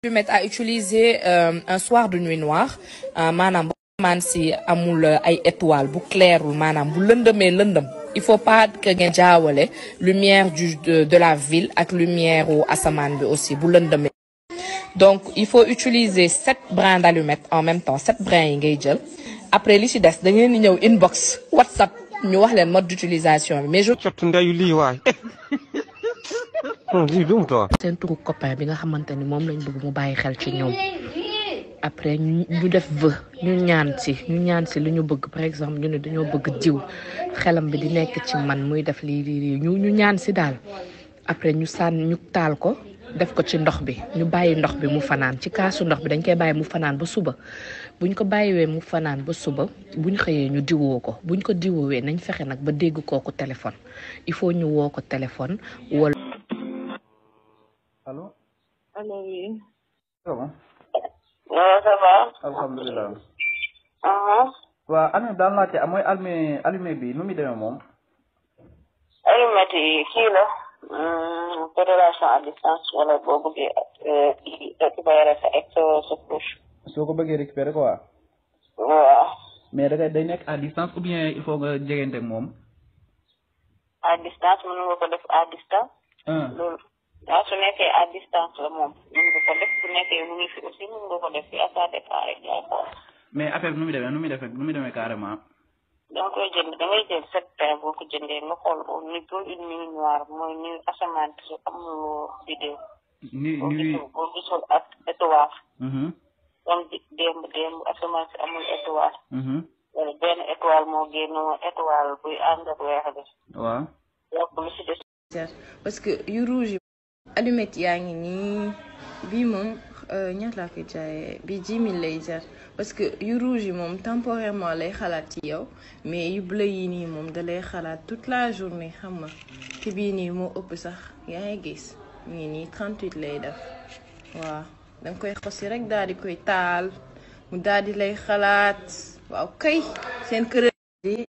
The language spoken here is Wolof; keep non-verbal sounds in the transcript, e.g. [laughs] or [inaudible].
plumette a utilisé euh, un soir de nuit noire euh, maanaam maan si amul euh, ay étoile bu clairul maanaam bu lëndëmee lëndëm il faut pas que ngeen jaawale lumière du de, de la ville ak lumière u asamaan bi aussi bu lëndëmee donc il faut utiliser sept brins d'allumettes en même temps sept brins yi ngay jël après li ci des da ngeen di ñëw inbox whatsapp ñu wax leen mode d'utilisation mais je. jot ndeyu lii [laughs] Hmm, seen turu copain bi nga xamante ni moom lañ bëgg mu bàyyi xel ci ñoom après ñu def vœu ñu ñaan si ñu ñaan si lu ñu bëgg par exemple ñu ne dañoo bëgg jiw xelam bi di nekk ci man muy def lii lii ñu ñu ñaan si daal après ñu sànn ñu taal ko def ko ci ndox bi ñu bàyyi ndox bi mu fanaan ci kaasu ndox bi dañ koy bàyyi mu fanaan ba suba buñ ko bàyyiwee mu fanaan ba suba buñ xëyee ñu diwoo ko buñ ko diwoowee nañ fexe nag ba dégg kooku téléphone il faut ñu téléphone allo. allo oui. ça va. waaw ça va. alhamdulilah. Uh-huh. waaw alumette daal naa ci mooy alumette alumette bi nu muy demee moom. alumette yi kii la. Hmm, pédélation à distance wala boo bëggee récupérer euh, sa ex sa couche. soo ko bëggee récupérer quoi. waaw. mais dangay day ou bien il faut nga jegante moom. waaw su nekkee à distance la moom mun nga ko def su nekkee mu ngi fi aussi mun nga ko def fi à ça dépend rek yaay xool. mais affaire bi nu muy demee nu muy defee nu muy demee carrément. da nga koy jënd da ngay jël sept paires boo ko jëndee nga xool ko ni pour une nuit noire mooy ni asamaan si amuloo biddew. ni ni boo gisul ak étoile. Mm-hmm. comme démb démb asamaan si amul étoile. Mm-hmm. wala benn étoile moo génnoo étoile buy ànd ak weex bi. waaw. yokk lu si des. parce que yu rouge allumette yaa ngi nii bii moom euh, ñaata laa koy jaayee bi 10000 lay jar parce que yu rouge yi moom temporairement lay xalaat ci yow mais yu bleu yi nii moom da xalaat toute la journée xam nga te bii nii moo ëpp sax yaa ngi gis mu ngi nii 38 lay def waaw danga koy xosi rek daal di koy taal mu daal di lay xalaat waaw kay seen kër di